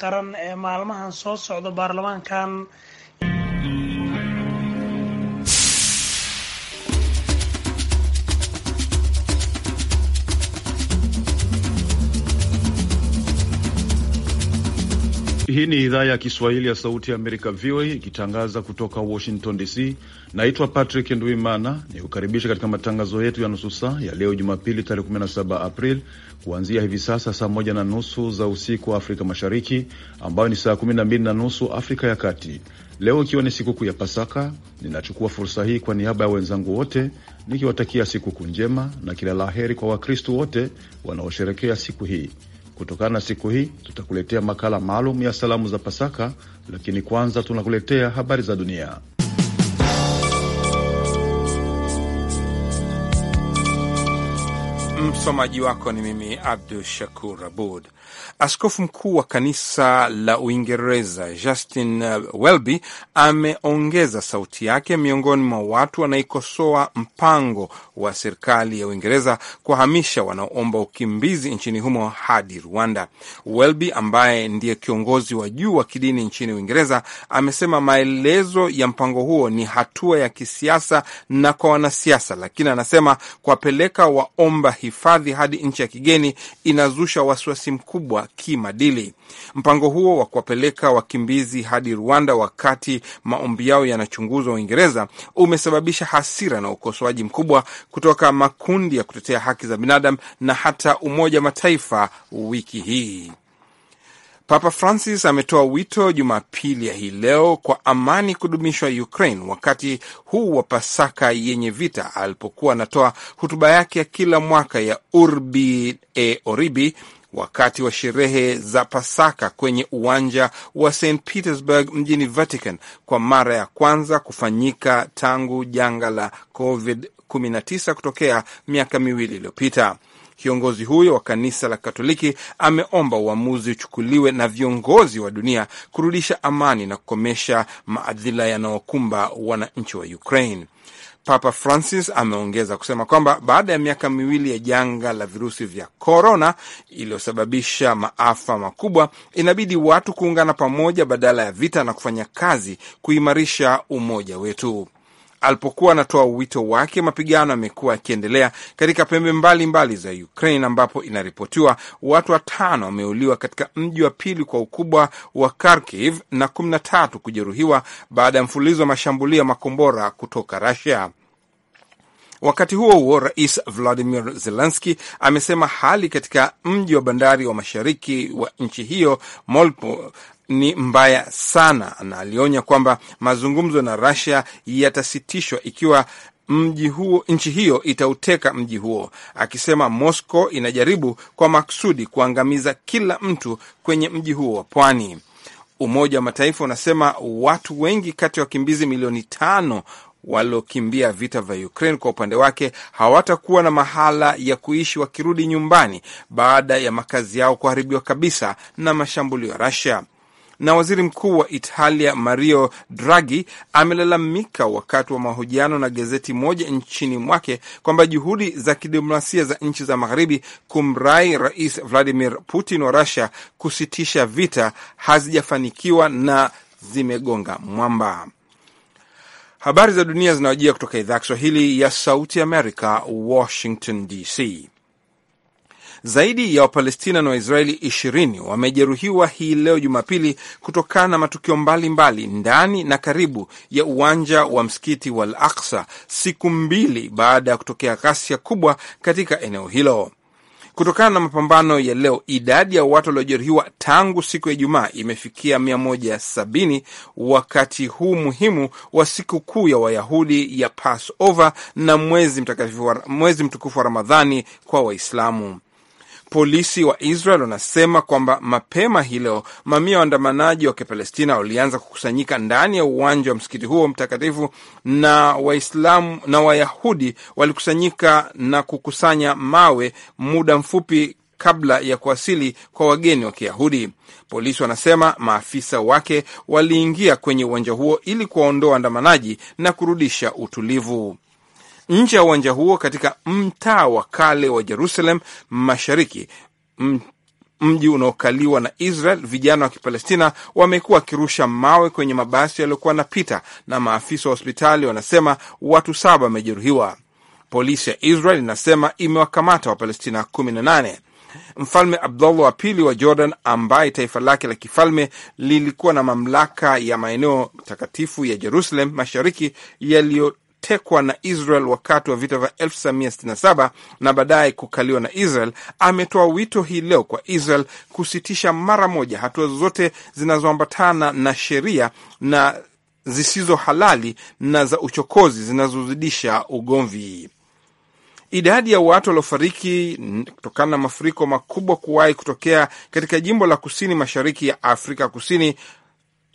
qaran ee maalmahan soo socda baarlamaankan Hii ni idhaa ya Kiswahili ya Sauti ya Amerika, VOA, ikitangaza kutoka Washington DC. Naitwa Patrick ni nikukaribisha katika matangazo yetu ya nusu saa ya leo Jumapili, tarehe 17 April, kuanzia hivi sasa saa moja na nusu za usiku wa Afrika Mashariki, ambayo ni saa kumi na mbili na nusu Afrika ya Kati. Leo ikiwa ni sikukuu ya Pasaka, ninachukua fursa hii kwa niaba ya wenzangu wote nikiwatakia sikukuu njema na kila la heri kwa Wakristu wote wanaosherekea siku hii. Kutokana na siku hii, tutakuletea makala maalum ya salamu za Pasaka, lakini kwanza tunakuletea habari za dunia. Msomaji wako ni mimi Abdu Shakur Abud. Askofu mkuu wa kanisa la Uingereza Justin uh, Welby ameongeza sauti yake miongoni mwa watu wanaikosoa mpango wa serikali ya Uingereza kuhamisha wanaoomba ukimbizi nchini humo hadi Rwanda. Welby ambaye ndiye kiongozi wa juu wa kidini nchini Uingereza amesema maelezo ya mpango huo ni hatua ya kisiasa na kwa wanasiasa, lakini anasema kuwapeleka waomba hifadhi hifadhi hadi nchi ya kigeni inazusha wasiwasi mkubwa kimadili. Mpango huo wa kuwapeleka wakimbizi hadi Rwanda wakati maombi yao yanachunguzwa Uingereza umesababisha hasira na ukosoaji mkubwa kutoka makundi ya kutetea haki za binadamu na hata Umoja Mataifa wiki hii. Papa Francis ametoa wito Jumapili ya hii leo kwa amani kudumishwa Ukraine wakati huu wa Pasaka yenye vita, alipokuwa anatoa hotuba yake ya kila mwaka ya Urbi e Orbi wakati wa sherehe za Pasaka kwenye uwanja wa St Petersburg mjini Vatican kwa mara ya kwanza kufanyika tangu janga la COVID-19 kutokea miaka miwili iliyopita. Kiongozi huyo wa kanisa la Katoliki ameomba uamuzi uchukuliwe na viongozi wa dunia kurudisha amani na kukomesha maadhila yanayokumba wananchi wa Ukraine. Papa Francis ameongeza kusema kwamba baada ya miaka miwili ya janga la virusi vya korona iliyosababisha maafa makubwa, inabidi watu kuungana pamoja badala ya vita na kufanya kazi kuimarisha umoja wetu alipokuwa anatoa wito wake, mapigano yamekuwa yakiendelea katika pembe mbalimbali mbali za Ukraine, ambapo inaripotiwa watu watano wameuliwa katika mji wa pili kwa ukubwa wa Kharkiv na kumi na tatu kujeruhiwa baada ya mfululizo wa mashambulio ya makombora kutoka Russia. Wakati huo huo, Rais Vladimir Zelenski amesema hali katika mji wa bandari wa mashariki wa nchi hiyo Mariupol ni mbaya sana, na alionya kwamba mazungumzo na Russia yatasitishwa ikiwa mji huo nchi hiyo itauteka mji huo, akisema Moscow inajaribu kwa maksudi kuangamiza kila mtu kwenye mji huo wa pwani. Umoja wa Mataifa unasema watu wengi kati ya wakimbizi milioni tano waliokimbia vita vya Ukraine kwa upande wake hawatakuwa na mahala ya kuishi wakirudi nyumbani baada ya makazi yao kuharibiwa kabisa na mashambulio ya Russia na waziri mkuu wa Italia Mario Draghi amelalamika wakati wa mahojiano na gazeti moja nchini mwake kwamba juhudi za kidiplomasia za nchi za magharibi kumrai Rais Vladimir Putin wa Russia kusitisha vita hazijafanikiwa na zimegonga mwamba. Habari za dunia zinawajia kutoka idhaa ya Kiswahili ya Sauti Amerika, Washington DC. Zaidi ya Wapalestina na Waisraeli ishirini wamejeruhiwa hii leo Jumapili kutokana na matukio mbalimbali mbali, ndani na karibu ya uwanja wa msikiti wa Al Aksa siku mbili baada ya kutokea ghasia kubwa katika eneo hilo. Kutokana na mapambano ya leo, idadi ya watu waliojeruhiwa tangu siku ya Ijumaa imefikia 170 wakati huu muhimu wa siku kuu ya Wayahudi ya Passover na mwezi mtukufu wa Ramadhani kwa Waislamu. Polisi wa Israel wanasema kwamba mapema hii leo mamia waandamanaji wa Kipalestina walianza kukusanyika ndani ya uwanja wa msikiti huo mtakatifu, na Waislamu na Wayahudi walikusanyika na kukusanya mawe muda mfupi kabla ya kuwasili kwa wageni wa Kiyahudi. Polisi wanasema maafisa wake waliingia kwenye uwanja huo ili kuwaondoa waandamanaji na kurudisha utulivu nje ya uwanja huo katika mtaa wa kale wa Jerusalem Mashariki, mji unaokaliwa na Israel. Vijana wa Kipalestina wamekuwa wakirusha mawe kwenye mabasi yaliyokuwa yanapita, na maafisa wa hospitali wanasema watu saba wamejeruhiwa. Polisi ya Israel inasema imewakamata Wapalestina 18. Mfalme Abdullah wa pili wa Jordan, ambaye taifa lake la kifalme lilikuwa na mamlaka ya maeneo takatifu ya Jerusalem mashariki yaliyo kutekwa na Israel wakati wa vita vya 1967 na baadaye kukaliwa na Israel, ametoa wito hii leo kwa Israel kusitisha mara moja hatua zozote zinazoambatana na sheria na zisizo halali na za uchokozi zinazozidisha ugomvi. Idadi ya watu waliofariki kutokana na mafuriko makubwa kuwahi kutokea katika jimbo la kusini mashariki ya Afrika Kusini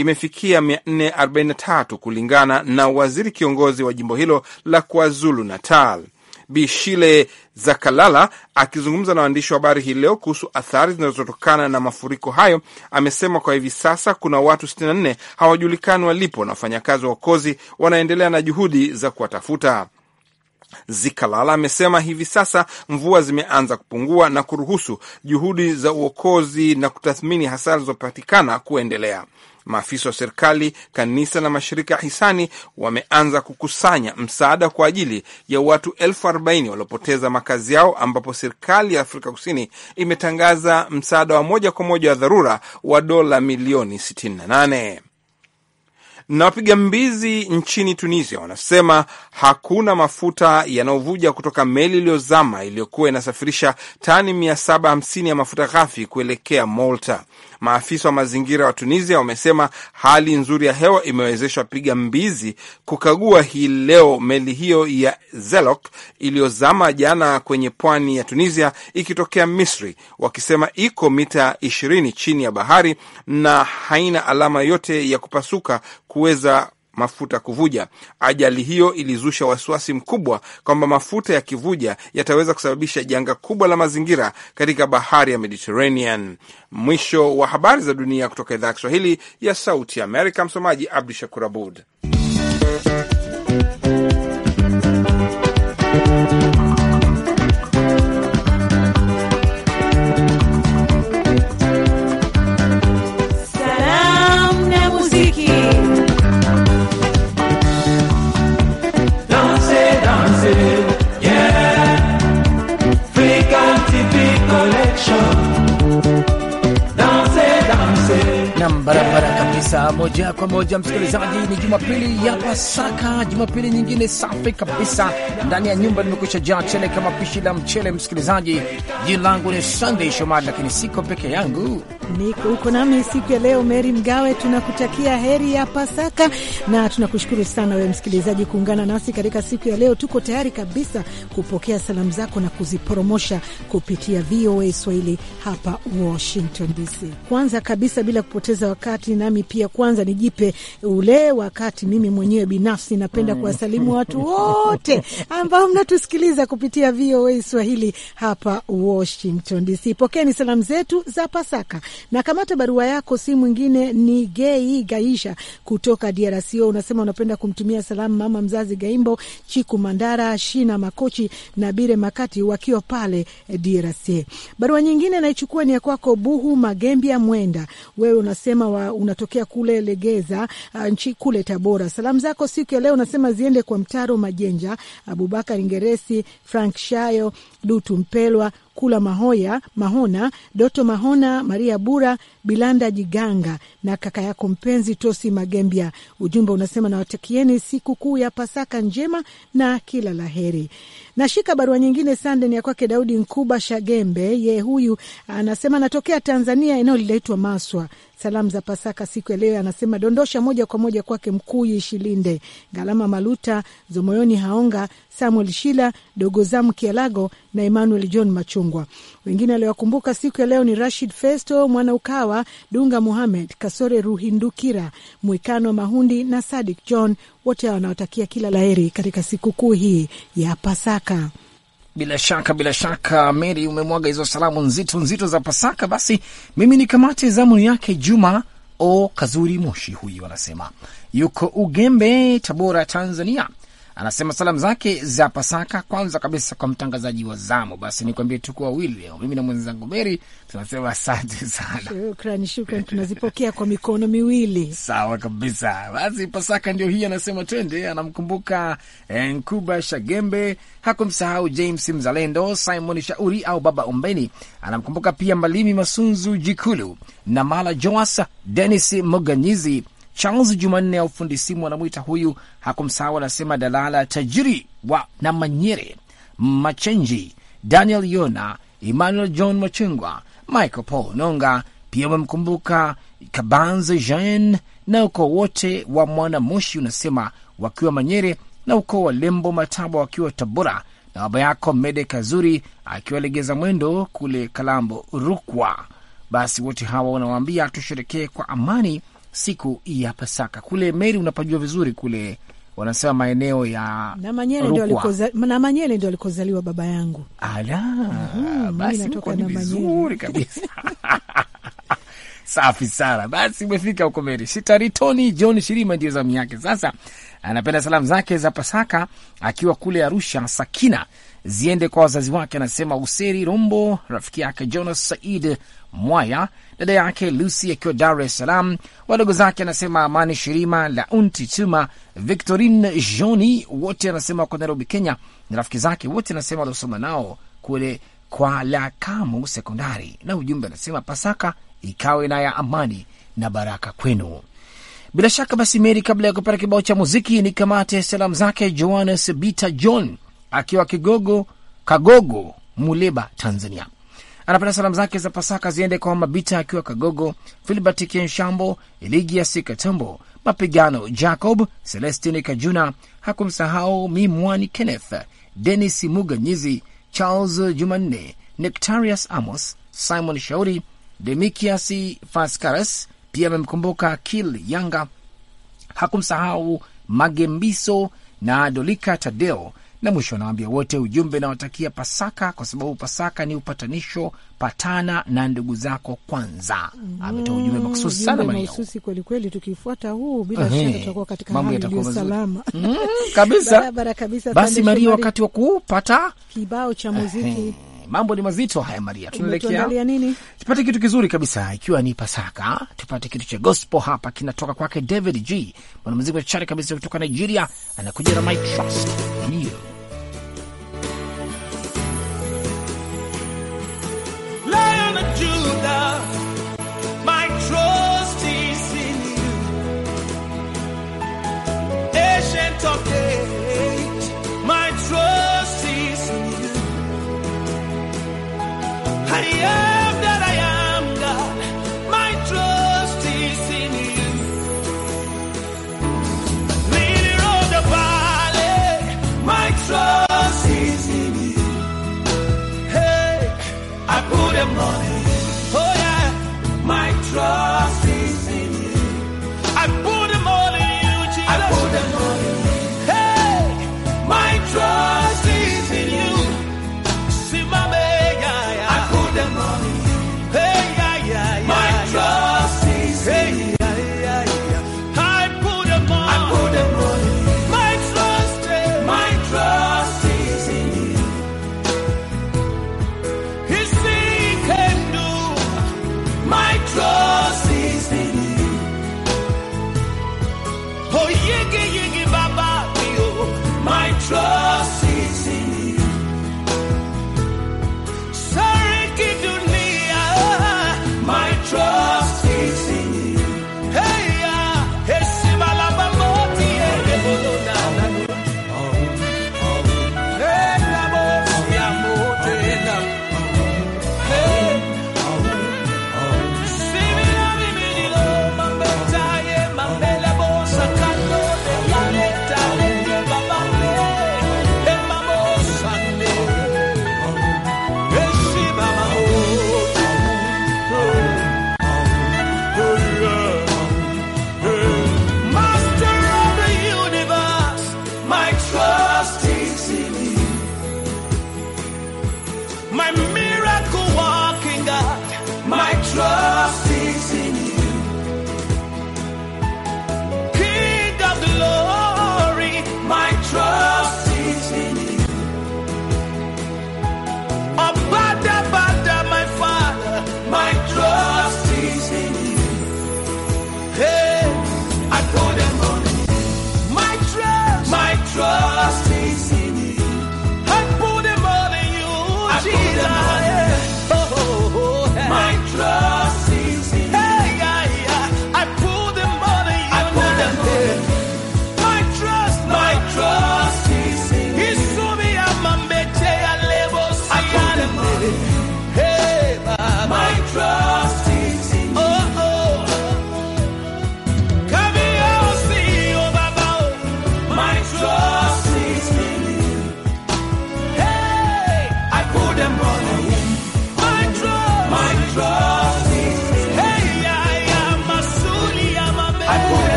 imefikia 443 kulingana na waziri kiongozi wa jimbo hilo la KwaZulu Natal. Bishile Zakalala akizungumza na waandishi wa habari hii leo kuhusu athari zinazotokana na mafuriko hayo, amesema kwa hivi sasa kuna watu 64 hawajulikani walipo na wafanyakazi wa uokozi wanaendelea na juhudi za kuwatafuta. Zikalala amesema hivi sasa mvua zimeanza kupungua na kuruhusu juhudi za uokozi na kutathmini hasara zilizopatikana kuendelea. Maafisa wa serikali, kanisa na mashirika ya hisani wameanza kukusanya msaada kwa ajili ya watu elfu arobaini waliopoteza makazi yao, ambapo serikali ya Afrika Kusini imetangaza msaada wa moja kwa moja wa dharura wa dola milioni 68 na wapiga mbizi nchini Tunisia wanasema hakuna mafuta yanayovuja kutoka meli iliyozama iliyokuwa inasafirisha tani 750 ya mafuta ghafi kuelekea Malta. Maafisa wa mazingira wa Tunisia wamesema hali nzuri ya hewa imewezesha piga mbizi kukagua hii leo meli hiyo ya Zelok iliyozama jana kwenye pwani ya Tunisia ikitokea Misri, wakisema iko mita ishirini chini ya bahari na haina alama yote ya kupasuka kuweza mafuta kuvuja. Ajali hiyo ilizusha wasiwasi mkubwa kwamba mafuta yakivuja yataweza kusababisha janga kubwa la mazingira katika bahari ya Mediterranean. Mwisho wa habari za dunia kutoka idhaa ya Kiswahili ya Sauti ya Amerika. Msomaji Abdu Shakur Abud. kabisa, moja kwa moja msikilizaji, ni Jumapili ya Pasaka, Jumapili nyingine safi kabisa ndani ya nyumba Nimekusha jaa chele kama pishi la mchele. Msikilizaji, jina langu ni Sunday Shomari, lakini siko peke yangu niko huko nami siku ya leo, Meri Mgawe. Tunakutakia heri ya Pasaka na tunakushukuru sana wewe msikilizaji kuungana nasi katika siku ya leo. Tuko tayari kabisa kupokea salamu zako na kuziporomosha kupitia VOA Swahili hapa Washington DC. Kwanza kabisa, bila kupoteza wakati, nami pia kwanza nijipe ule wakati mimi mwenyewe binafsi, napenda mm. kuwasalimu watu wote ambao mnatusikiliza kupitia VOA Swahili hapa Washington DC. Pokeni salamu zetu za Pasaka na kamata barua yako, si mwingine ni Gei Gaisha kutoka DRC. Unasema unapenda kumtumia salamu mama mzazi Gaimbo Chiku Mandara Shina Makochi na Bire Makati wakiwa pale eh, DRC. Barua nyingine naichukua ni ya kwako Buhu Magembia Mwenda, wewe unasema wa, unatokea kule Legeza ah, nchi kule Tabora. Salamu zako siku ya leo unasema ziende kwa Mtaro Majenja, Abubakar Ngeresi, Frank Shayo, Dutu Mpelwa Kula Mahoya, Mahona, Doto Mahona, Maria Bura, Bilanda Jiganga na kaka yako mpenzi Tosi Magembia. Ujumbe unasema nawatakieni siku kuu ya Pasaka njema na kila laheri. Nashika barua nyingine sandeni ya kwake Daudi Nkuba Shagembe, ye huyu anasema anatokea Tanzania, eneo linaitwa Maswa salamu za Pasaka siku ya leo, anasema dondosha moja kwa moja kwake mkuu yishilinde Galama Maluta, Zomoyoni Haonga, Samuel Shila, dogo zam Kialago na Emmanuel John Machungwa. Wengine aliwakumbuka siku ya leo ni Rashid Festo Mwana Ukawa, Dunga Muhamed Kasore, Ruhindukira Mwikano Mahundi na Sadik John, wote wanaotakia kila laheri katika sikukuu hii ya Pasaka. Bila shaka bila shaka, Meri, umemwaga hizo salamu nzito nzito za Pasaka. Basi mimi ni kamate zamu yake Juma O Kazuri Moshi, huyu anasema yuko Ugembe, Tabora, Tanzania anasema salamu zake za Pasaka kwanza kabisa kwa mtangazaji wa zamu. Basi nikuambie tuko wawili leo, mimi na mwenzangu Meri, tunasema asante sana. Shukrani, shukrani, tunazipokea kwa mikono miwili. Sawa kabisa, basi Pasaka ndio hii, anasema twende. Anamkumbuka eh, Nkuba Shagembe, hakumsahau James Mzalendo, Simon Shauri au Baba umbeni Anamkumbuka pia Malimi Masunzu Jikulu na Mala Joas, Denis Moganyizi Charles Jumanne ya ufundi simu anamwita huyu, hakumsahau anasema Dalala Tajiri wa na manyere Machenji, Daniel Yona, Emmanuel John machengwa Michael Paul Nonga. Pia wamemkumbuka Kabanze Jean na ukoo wote wa Mwanamoshi unasema wakiwa Manyere, na ukoo wa Lembo matabwa wakiwa Tabora, na baba yako Mede Kazuri akiwalegeza Mwendo kule Kalambo, Rukwa. Basi wote hawa wanawaambia tusherekee kwa amani siku ya Pasaka kule Meri, unapajua vizuri kule wanasema maeneo ya na Manyele ndio alikozaliwa baba yangu. Ala, mm-hmm, basi mko ni vizuri kabisa safi sana. Basi umefika huko Meri. Shitaritoni John Shirima ndio zamu yake sasa, anapenda salamu zake za Pasaka akiwa kule Arusha. Sakina ziende kwa wazazi wake, anasema Useri Rombo, rafiki yake Jonas Said Mwaya, dada yake Lucy akiwa Dar es Salaam, wadogo zake anasema Amani Shirima, unti Tuma, Victorine Joni, wote anasema wako Nairobi, Kenya, na rafiki zake wote anasema waliosoma nao kule kwa kamu Sekondari, na ujumbe anasema Pasaka ikawe na ya amani na baraka kwenu. Bila shaka basi, Meri, kabla ya kupata kibao cha muziki, ni kamate salamu zake Joannes Bita John akiwa Kigogo, Kagogo, Muleba, Tanzania. Anapenda salamu zake za Pasaka ziende kwa Mabita akiwa Kagogo, Filibert Kienshambo, Eligia Katambo, Mapigano Jacob, Celestini Kajuna, hakumsahau Mimwani Kenneth, Denis Muganyizi, Charles Jumanne, Nectarius Amos, Simon Shauri, Demikias Fascaras. Pia amemkumbuka Kil Yanga, hakumsahau Magembiso na Dolika Tadeo na mwisho anawambia wote ujumbe nawatakia Pasaka, kwa sababu Pasaka ni upatanisho, patana na ndugu zako kwanza. Mm-hmm. ametoa ujumbe makususi sana mahususi kwelikweli. Tukifuata huu bila shaka tutakuwa katika salama mm, kabisa barabara kabisa. Basi Maria, wakati wa kupata kibao cha muziki. Mambo ni mazito haya, Maria, tunaelekea Tupate kitu kizuri kabisa, ikiwa ni Pasaka, tupate kitu cha gospel hapa, kinatoka kwake David G, mwanamuziki machachari kabisa kutoka Nigeria, anakuja na My Trust You.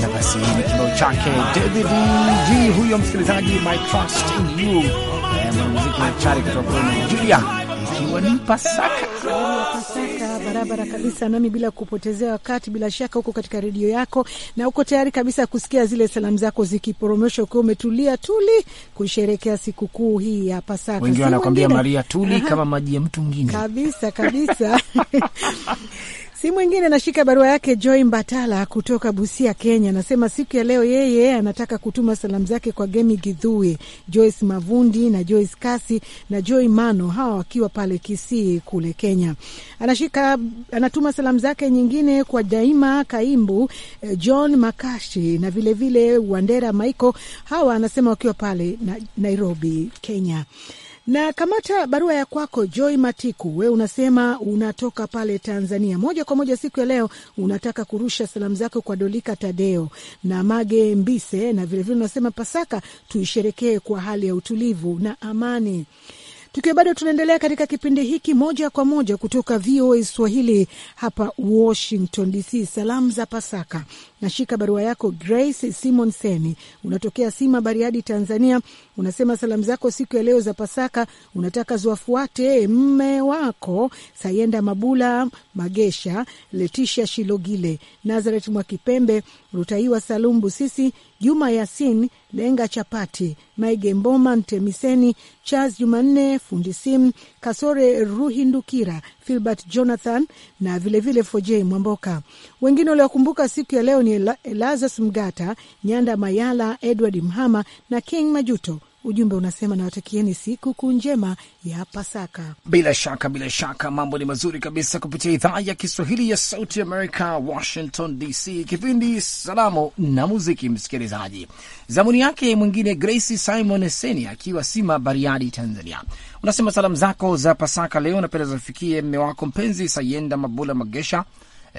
sana. Basi ni kibao chake David G huyo, msikilizaji, my trust in you, eh, mwanamuziki machari kutoka Nigeria, ikiwa ni Pasaka barabara kabisa. Nami bila kupotezea wakati, bila shaka huko katika redio yako na uko tayari kabisa kusikia zile salamu zako zikiporomoshwa ukiwa umetulia tuli kusherekea sikukuu hii ya Pasaka. wengi wanakwambia Maria tuli Aha, kama maji ya mtu mwingine kabisa kabisa Si mwingine anashika barua yake Joy Mbatala kutoka Busia, Kenya. Anasema siku ya leo yeye anataka kutuma salamu zake kwa Gemi Gidhui, Joyce Mavundi na Joyce Kasi na Joy Mano, hawa wakiwa pale Kisii kule Kenya. Anashika, anatuma salamu zake nyingine kwa Daima Kaimbu, eh, John Makashi na vilevile vile Wandera Maiko, hawa anasema wakiwa pale na Nairobi, Kenya. Na kamata barua ya kwako Joy Matiku, we unasema unatoka pale Tanzania moja kwa moja. Siku ya leo unataka kurusha salamu zako kwa Dolika Tadeo na Mage Mbise, na vilevile unasema Pasaka tuisherekee kwa hali ya utulivu na amani. Tukiwa bado tunaendelea katika kipindi hiki moja kwa moja kutoka VOA Swahili hapa Washington DC, salamu za Pasaka Nashika barua yako Grace Simon Seni, unatokea Sima, Bariadi, Tanzania. Unasema salamu zako siku ya leo za Pasaka unataka ziwafuate mme wako Sayenda Mabula Magesha, Letisha Shilogile, Nazaret Mwakipembe, Rutaiwa Salum Busisi, Juma Yasin Lenga Chapati, Maige Mboma Ntemiseni, Charles Jumanne Fundi Kasore Ruhindukira Filbert Jonathan na vilevile Foj Mwamboka. Wengine waliokumbuka siku ya leo ni Elazas Mgata, Nyanda Mayala, Edward Mhama na King Majuto Ujumbe unasema nawatakieni siku kuu njema ya Pasaka. Bila shaka, bila shaka, mambo ni mazuri kabisa kupitia idhaa ya Kiswahili ya Sauti Amerika, Washington DC, kipindi Salamu na Muziki. Msikilizaji, zamuni yake mwingine Grace Simon Seni akiwa Sima, Bariadi, Tanzania, unasema salamu zako za Pasaka leo napenda zafikie mme wako mpenzi Sayenda Mabula Magesha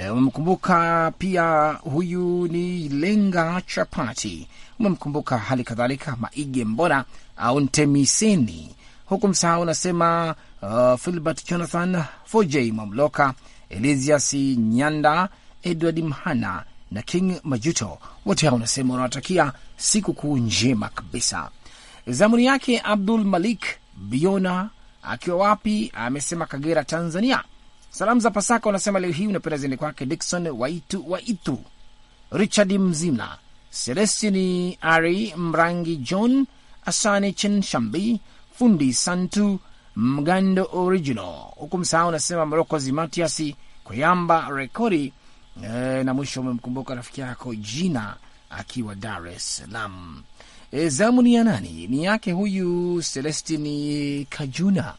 E, umemkumbuka pia huyu ni Lenga Chapati, umemkumbuka hali kadhalika Maige Mbora au Ntemiseni, huku msahau unasema uh, Filbert Jonathan Fojei Mamloka, Elizias Nyanda, Edward Mhana na King Majuto, wote hao unasema unawatakia siku kuu njema kabisa. Zamuni yake Abdul Malik Biona akiwa wapi, amesema Kagera, Tanzania Salamu za Pasaka unasema leo hii unapenda ziende kwake Dikson Waitu Waitu, Richard Mzimna, Selestini Ari Mrangi, John Asani Chenshambi, Fundi Santu Mgando Original huku msahau, unasema Mrokozi Matiasi Kuyamba Rekodi. E, na mwisho umemkumbuka rafiki yako Jina akiwa Dar es Salaam. E, zamu ni ya nani? Ni yake huyu Selestini Kajuna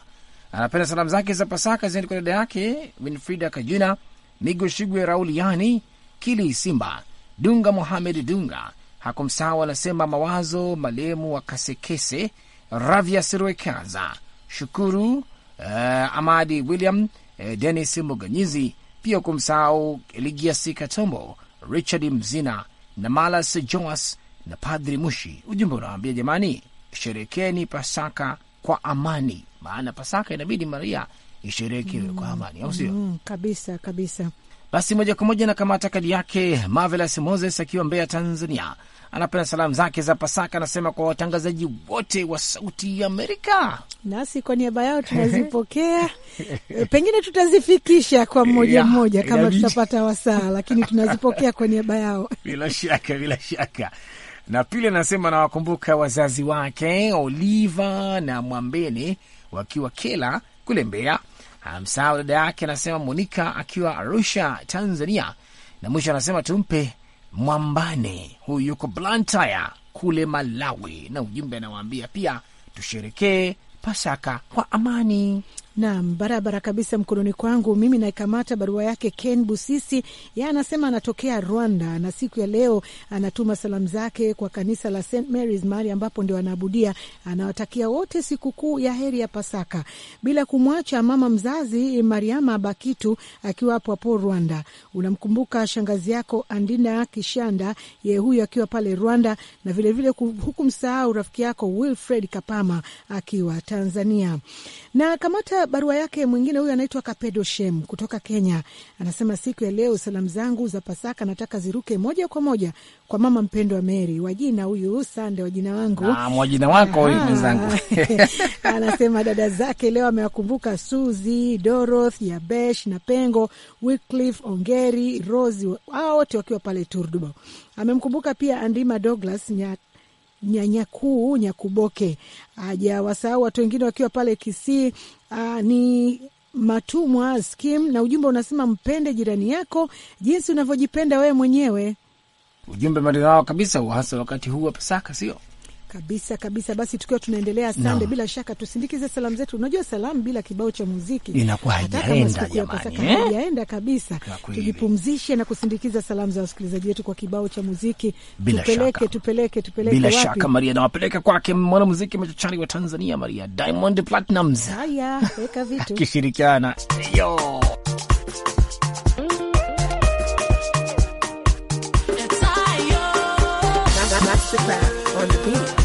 Anapenda salamu zake za Pasaka ziende kwa dada yake Winfrida Kajuna, Migoshigwe Yani, Kili Simba Dunga, Mohamed Dunga hakumsahau, anasema Mawazo Malemu wa Kasekese, Ravya Sirwekaza, Shukuru uh, Amadi William, uh, eh, Denis Muganyizi, pia hukumsahau Eligias Katombo, Richard Mzina na Malas Joas na Padri Mushi. Ujumbe unawaambia jamani, sherekeni Pasaka kwa amani maana Pasaka inabidi Maria isherekewe mm, kwa amani, au sio? Mm, kabisa kabisa. Basi moja kwa moja na kamata kadi yake Marvelous Moses akiwa Mbeya, Tanzania, anapenda salamu zake za Pasaka, anasema kwa watangazaji wote wa Sauti ya Amerika, nasi kwa niaba yao tunazipokea eh, pengine tutazifikisha kwa mmoja mmoja kama tutapata wasaa, lakini tunazipokea kwa niaba yao bila shaka, bila shaka na pili anasema anawakumbuka wazazi wake Oliva na Mwambene wakiwa Kela kule Mbeya. Ah, msahau dada yake anasema Monika akiwa Arusha, Tanzania, na mwisho anasema tumpe Mwambane, huyu yuko Blantyre kule Malawi, na ujumbe anawaambia pia tusherekee Pasaka kwa amani. Naam, barabara kabisa. Mkononi kwangu mimi naikamata barua yake Ken Busisi, ye anasema anatokea Rwanda na siku ya leo anatuma salamu zake kwa kanisa la St Mary's Mari ambapo ndio anaabudia. Anawatakia wote sikukuu ya heri ya Pasaka, bila kumwacha mama mzazi Mariama Bakitu akiwa hapo hapo Rwanda. Unamkumbuka shangazi yako Andina Kishanda, ye huyo akiwa pale Rwanda, na vilevile huku msahau rafiki yako Wilfred Kapama akiwa Tanzania. Na kamata barua yake mwingine, huyu anaitwa Kapedo Shem kutoka Kenya, anasema siku ya leo salamu zangu za Pasaka nataka ziruke moja kwa moja kwa mama mpendwa Meri Wajina, huyu Sande Wajina wangu na Wajina wako huyu mwenzangu anasema dada zake leo amewakumbuka Suzi, Doroth, Yabesh na Pengo, Wycliffe, Ongeri, Rosi, wao wote wakiwa pale Turdubo. Amemkumbuka pia Andima Douglas Nyanyakuu Nyakuboke ajawasahau watu wengine wakiwa pale Kisii. Uh, ni Matumwa Skim na ujumbe unasema mpende jirani yako jinsi unavyojipenda wewe mwenyewe. Ujumbe maridhawa kabisa, hasa wakati huu wa Pasaka, sio kabisa kabisa. Basi tukiwa tunaendelea sande, no. bila shaka tusindikize salamu zetu. Unajua salamu bila kibao cha muziki inakuwa eh? haijaenda kabisa. Tujipumzishe na kusindikiza salamu za wasikilizaji wetu kwa kibao cha muziki. Bila tupeleke, shaka. tupeleke tupeleke bila wapi? shaka Maria nawapeleka kwake mwanamuziki machachari wa Tanzania Maria Diamond Platnumz. Haya, weka vitu akishirikiana yo on the beat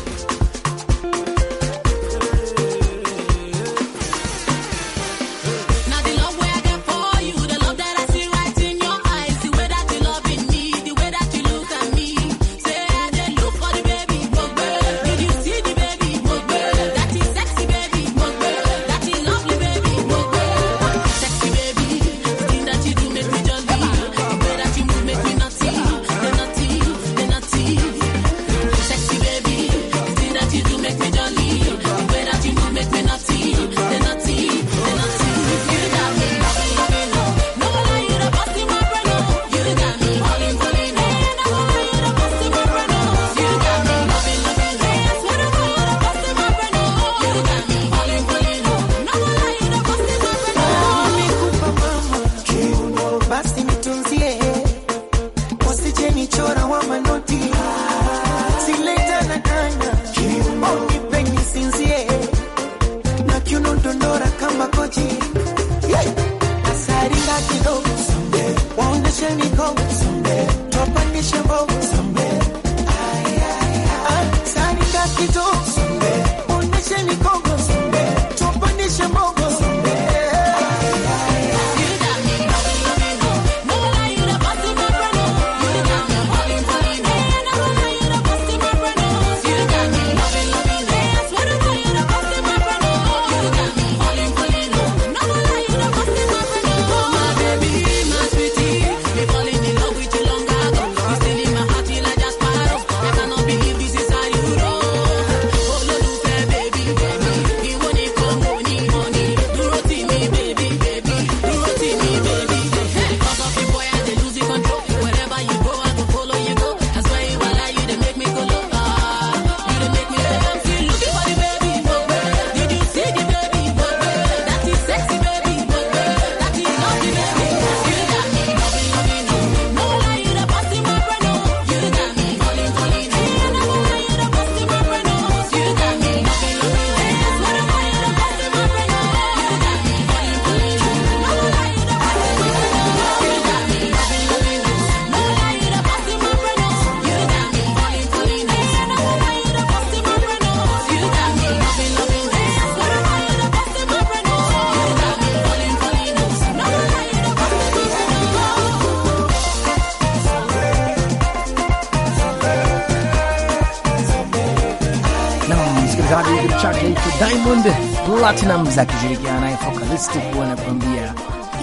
za kishirikiana naye Fokalisti kuwa anakuambia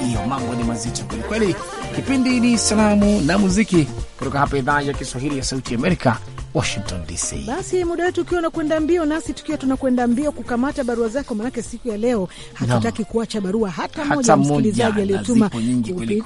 hiyo mambo ni mazito kwelikweli. Kipindi ni salamu na muziki kutoka hapa idhaa ya Kiswahili ya Sauti Amerika. Washington DC. Basi muda wetu ukiwa unakwenda mbio, nasi tukiwa tunakwenda mbio kukamata barua zako, maanake siku ya leo hatutaki kuacha barua hata moja msikilizaji aliyotuma mm.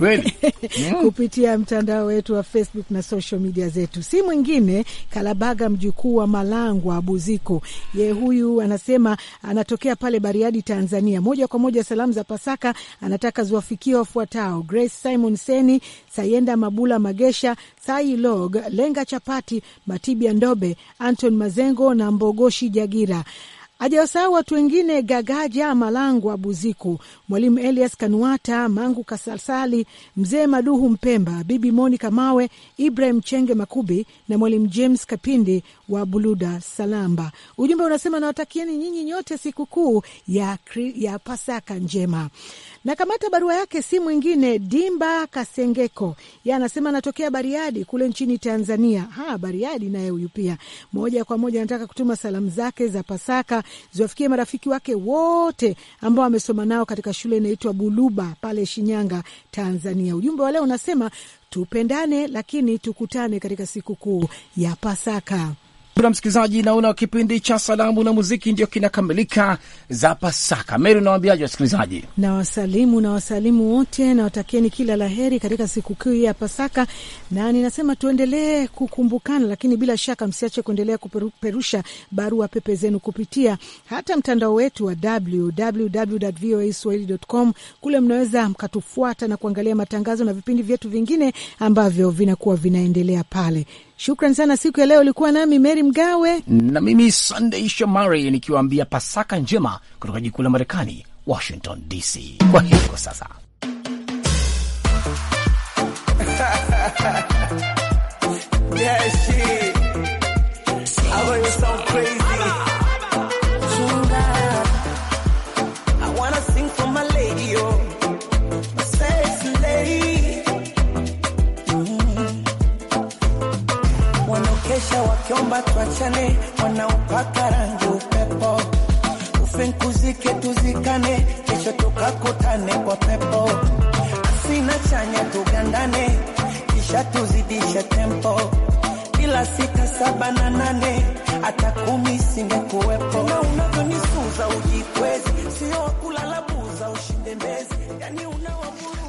kupitia mtandao wetu wa Facebook na social media zetu. Si mwingine Kalabaga, mjukuu wa Malangwa Abuziko. Ye huyu anasema anatokea pale Bariadi, Tanzania. Moja kwa moja salamu za Pasaka anataka ziwafikie wafuatao: Grace Simon Seni, Sayenda Mabula Magesha, Sai Log Lenga Chapati Mati Kibya Ndobe, Anton Mazengo na Mbogoshi Jagira. Hajawasahau watu wengine: Gagaja Malangwa Buziku, Mwalimu Elias Kanuata Mangu, Kasalsali Mzee Maduhu Mpemba, Bibi Monika Mawe, Ibrahim Chenge Makubi na Mwalimu James Kapindi wa Buluda Salamba. Ujumbe unasema nawatakieni nyinyi nyote sikukuu ya, ya Pasaka njema. Na kamata barua yake si mwingine Dimba Kasengeko, ye anasema anatokea Bariadi kule nchini Tanzania. Ha, Bariadi naye huyu pia moja kwa moja anataka kutuma salamu zake za Pasaka ziwafikie marafiki wake wote ambao amesoma nao katika shule inaitwa Buluba pale Shinyanga, Tanzania. Ujumbe wa leo unasema tupendane, lakini tukutane katika sikukuu ya Pasaka. Kuna msikilizaji, naona kipindi cha salamu na muziki ndio kinakamilika za Pasaka. Meri, unawaambiaje wasikilizaji? Nawasalimu na wasalimu wote, nawatakieni kila la heri katika sikukuu hii ya Pasaka, na ninasema tuendelee kukumbukana, lakini bila shaka msiache kuendelea kuperusha barua pepe zenu kupitia hata mtandao wetu wa www.voaswahili.com. Kule mnaweza mkatufuata na kuangalia matangazo na vipindi vyetu vingine ambavyo vinakuwa vinaendelea pale Shukran sana. Siku ya leo ulikuwa nami Meri Mgawe na mimi Sandei Shomari nikiwaambia Pasaka njema kutoka jikuu la Marekani, Washington DC. Kwa hiyo kwa sasa kiomba tuachane, wanaupaka rangi upepo, nkuzike tuzikane, kesho tukakutane kwa pepo, asina chanya tugandane, kisha tuzidishe tempo, kila sita saba na nane hata kumi singekuwepo, na unavyonisuza ujikwezi, sio kulala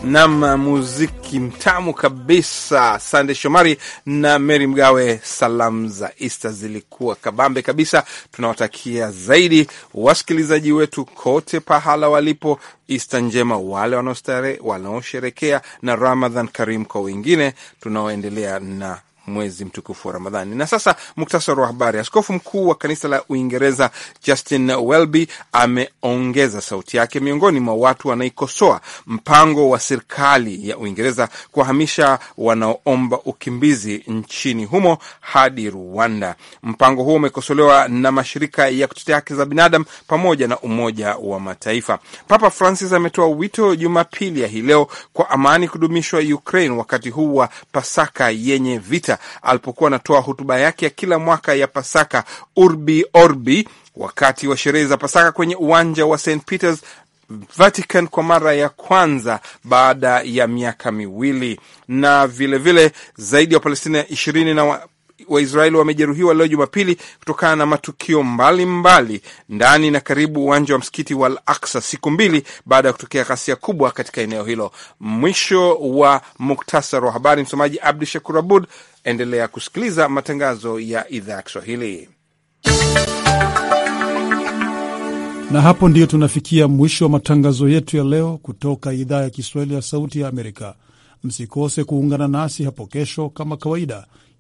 Nam muziki mtamu kabisa, Sande Shomari na Meri Mgawe. Salamu za Ista zilikuwa kabambe kabisa. Tunawatakia zaidi wasikilizaji wetu kote pahala walipo Ista njema, wale wanaosherekea na Ramadhan Karim kwa wengine tunaoendelea na mwezi mtukufu wa Ramadhani. Na sasa muktasari wa habari. Askofu mkuu wa kanisa la Uingereza Justin Welby ameongeza sauti yake miongoni mwa watu wanaikosoa mpango wa serikali ya Uingereza kuwahamisha wanaoomba ukimbizi nchini humo hadi Rwanda. Mpango huo umekosolewa na mashirika ya kutetea haki za binadamu pamoja na Umoja wa Mataifa. Papa Francis ametoa wito Jumapili ya hii leo kwa amani kudumishwa Ukraine wakati huu wa Pasaka yenye vita iliyopita alipokuwa anatoa hotuba yake ya kila mwaka ya Pasaka Urbi Orbi wakati wa sherehe za Pasaka kwenye uwanja wa St Peters Vatican kwa mara ya kwanza baada ya miaka miwili. Na vilevile vile, zaidi ya Wapalestina ishirini na wa Waisraeli wamejeruhiwa leo Jumapili kutokana na matukio mbalimbali mbali, ndani na karibu uwanja wa msikiti wa Al Aksa siku mbili baada ya kutokea ghasia kubwa katika eneo hilo. Mwisho wa muktasar wa habari. Msomaji Abdu Shakur Abud. Endelea kusikiliza matangazo ya idhaa ya Kiswahili. Na hapo ndiyo tunafikia mwisho wa matangazo yetu ya leo kutoka idhaa ya Kiswahili ya Sauti ya Amerika. Msikose kuungana nasi hapo kesho kama kawaida